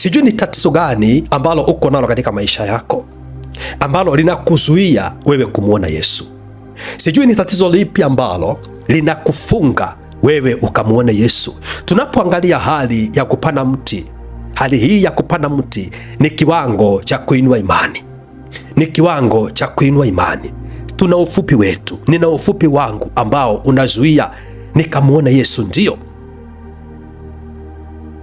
Sijui ni tatizo gani ambalo uko nalo katika maisha yako ambalo linakuzuia wewe kumwona Yesu. Sijui ni tatizo lipi ambalo linakufunga wewe ukamwone Yesu. Tunapoangalia hali ya kupanda mti, hali hii ya kupanda mti ni kiwango cha kuinua imani, ni kiwango cha kuinua imani. Tuna ufupi wetu, nina ufupi wangu ambao unazuia nikamwona Yesu, ndio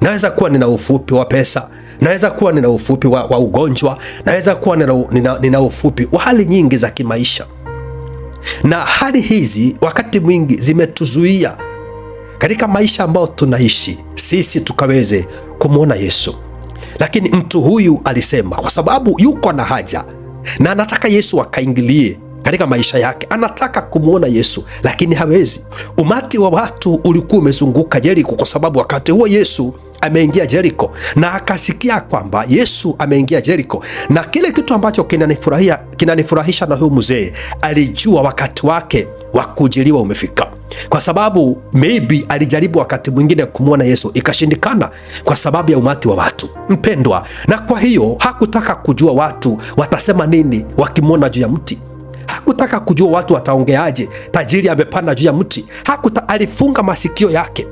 Naweza kuwa nina ufupi wa pesa, naweza kuwa nina ufupi wa, wa ugonjwa, naweza kuwa nina, nina, nina ufupi wa hali nyingi za kimaisha, na hali hizi wakati mwingi zimetuzuia katika maisha ambayo tunaishi sisi tukaweze kumwona Yesu. Lakini mtu huyu alisema, kwa sababu yuko na haja na anataka Yesu akaingilie katika maisha yake, anataka kumwona Yesu lakini hawezi. Umati wa watu ulikuwa umezunguka Jeriko, kwa sababu wakati huo Yesu ameingia Jeriko na akasikia kwamba Yesu ameingia Jeriko. Na kile kitu ambacho kinanifurahisha kinanifurahisha na huyu mzee alijua wakati wake wa kujiliwa umefika, kwa sababu maybe alijaribu wakati mwingine kumwona Yesu ikashindikana kwa sababu ya umati wa watu mpendwa, na kwa hiyo hakutaka kujua watu watasema nini wakimwona juu ya mti hakutaka kujua watu wataongeaje tajiri amepanda juu ya mti. Hakuta, alifunga masikio yake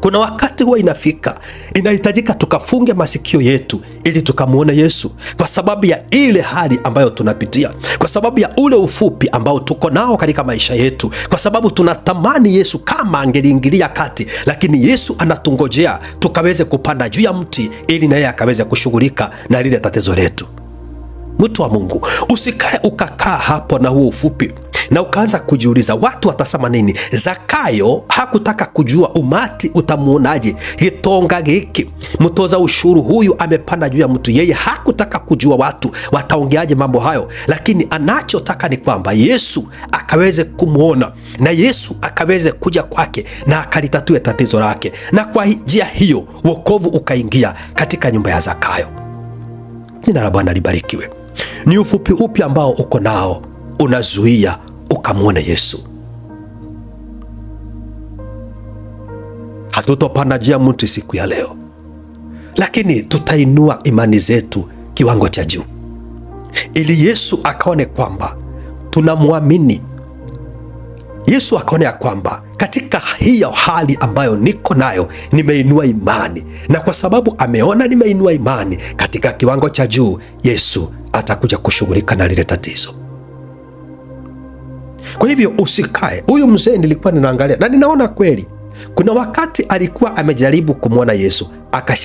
kuna wakati huwa inafika inahitajika tukafunge masikio yetu ili tukamwone Yesu, kwa sababu ya ile hali ambayo tunapitia, kwa sababu ya ule ufupi ambao tuko nao katika maisha yetu, kwa sababu tunatamani Yesu kama angeliingilia kati, lakini Yesu anatungojea tukaweze kupanda juu ya mti ili naye akaweze kushughulika na lile tatizo letu. Mtu wa Mungu, usikae ukakaa hapo na huo ufupi na ukaanza kujiuliza watu watasema nini. Zakayo hakutaka kujua umati utamuonaje, gitonga giki, mtoza ushuru huyu amepanda juu ya mtu. Yeye hakutaka kujua watu wataongeaje mambo hayo, lakini anachotaka ni kwamba Yesu akaweze kumwona na Yesu akaweze kuja kwake na akalitatue tatizo lake, na kwa njia hiyo wokovu ukaingia katika nyumba ya Zakayo. Jina la Bwana libarikiwe. Ni ufupi upi ambao uko nao unazuia ukamwona Yesu. Hatutopanda juu ya mti siku ya leo, lakini tutainua imani zetu kiwango cha juu, ili Yesu akaone kwamba tunamwamini. Yesu akaone ya kwamba katika hiyo hali ambayo niko nayo nimeinua imani, na kwa sababu ameona nimeinua imani katika kiwango cha juu, Yesu atakuja kushughulika na lile tatizo. Kwa hivyo usikae. Huyu mzee nilikuwa ninaangalia na ninaona kweli kuna wakati alikuwa amejaribu kumwona Yesu akashindwa.